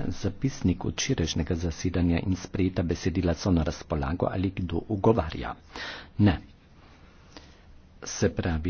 študija, zapisnik včerajšnjega zasedanja in sprejeta besedila so na razpolago ali kdo ugovarja. Ne. Se pravi,